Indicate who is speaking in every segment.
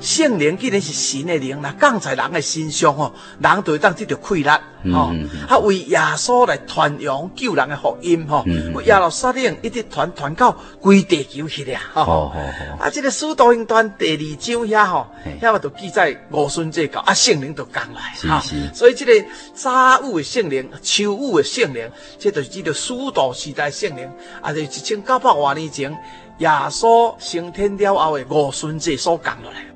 Speaker 1: 聖靈既然是神的靈，那降在人嘅身上哦，人就當得、嗯哦嗯、到快樂、哦。哦。啊，為耶穌來傳揚救人的福音哦，為耶路撒冷一直傳傳到規地球去咧。哦哦哦。啊，即個使徒行傳第二章遐吼，遐嘛都記載五旬節教啊，聖靈就降來哈。所以即個早雨嘅聖靈、秋雨嘅聖靈，即就是即個使徒時代聖靈，啊，就一千九百多年前耶穌升天了後嘅五旬節所降落來。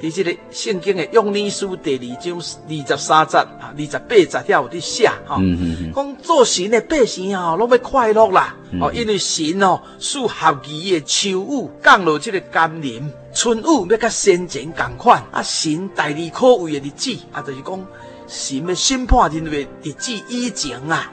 Speaker 1: 佇這個聖經嘅約珥書第二章二十三節、啊，二十八節跳佇寫哈，
Speaker 2: 講、嗯嗯
Speaker 1: 嗯、做神嘅百姓吼，攏要快樂啦、嗯，哦，因為神哦，屬後期嘅秋雨降落，即個甘霖，春雨要甲先前共款，啊，神帶你可畏嘅日子，啊，就是講神嘅審判人類嘅日子已經啊。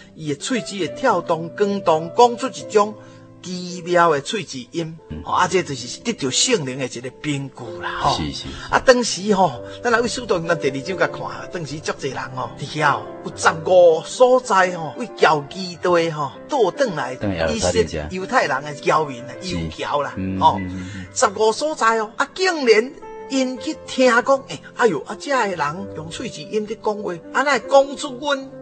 Speaker 1: 伊誒喙齒會跳動、振動，講出一種奇妙誒喙齒音、嗯，啊，這就是得着聖靈嘅一個憑據啦，吼。啊，當時吼，咱來為數到用咱第二周甲看，當時足儕人吼，底、哦、下、嗯、有十五所在吼、哦，為教基地吼，倒、哦、轉來，伊、嗯、是猶太人嘅僑民，猶僑啦，吼、啊嗯哦嗯，十五所在哦，啊，竟然因去聽講，誒、哎。哎呦，啊，這嘅人用喙齒音咧講話，啊，來講出阮。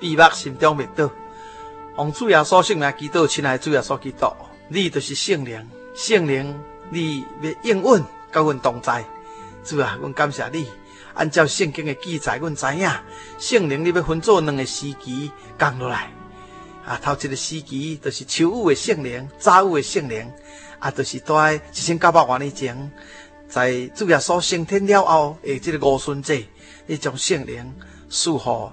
Speaker 1: 閉目心中默禱。王主耶穌聖名，祈禱親愛來，主耶穌祈禱。你就是聖靈，聖靈，你要應允，甲阮同在。主啊，阮感謝你。按照聖經嘅記載，阮知影，聖靈你要分做兩個時期降落來。啊，頭一個時期，就是秋雨嘅聖靈，早雨嘅聖靈，啊，就是在一千九百多年前，在主耶穌升天了後，下這個五旬節，你將聖靈賜予。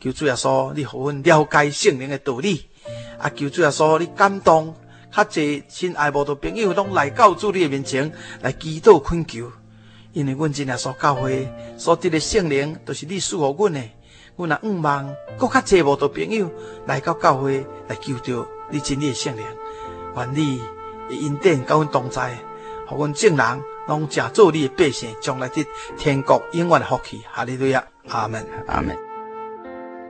Speaker 1: 求主耶穌，你互阮了解聖靈嘅道理。阿、啊、求主耶穌，你感動，較濟親愛無多朋友攏來到主你嘅面前來祈禱懇求，因為阮真正所教會所得嘅聖靈，都是你賜予阮嘅。阮若願望更較濟無多朋友來到教會來求到你真理嘅聖靈，願你恩典甲阮同在，互阮眾人攏正做你嘅百姓，將來佇天國永遠嘅福氣。哈利路亞，阿門，
Speaker 3: 阿門。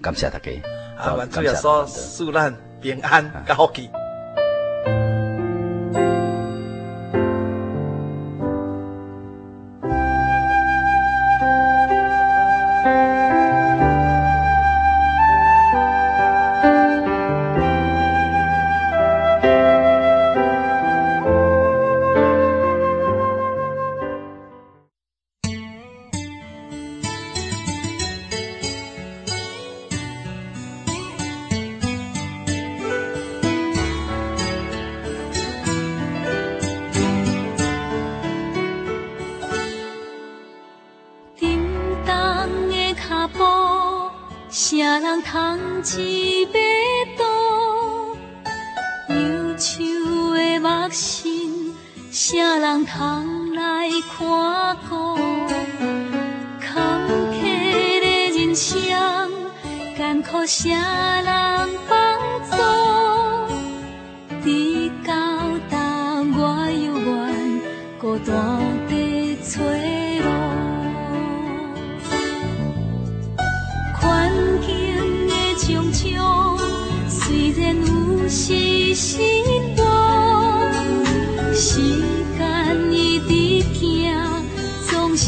Speaker 3: 感謝大家。
Speaker 1: 啊，主要講祝咱平安高吉。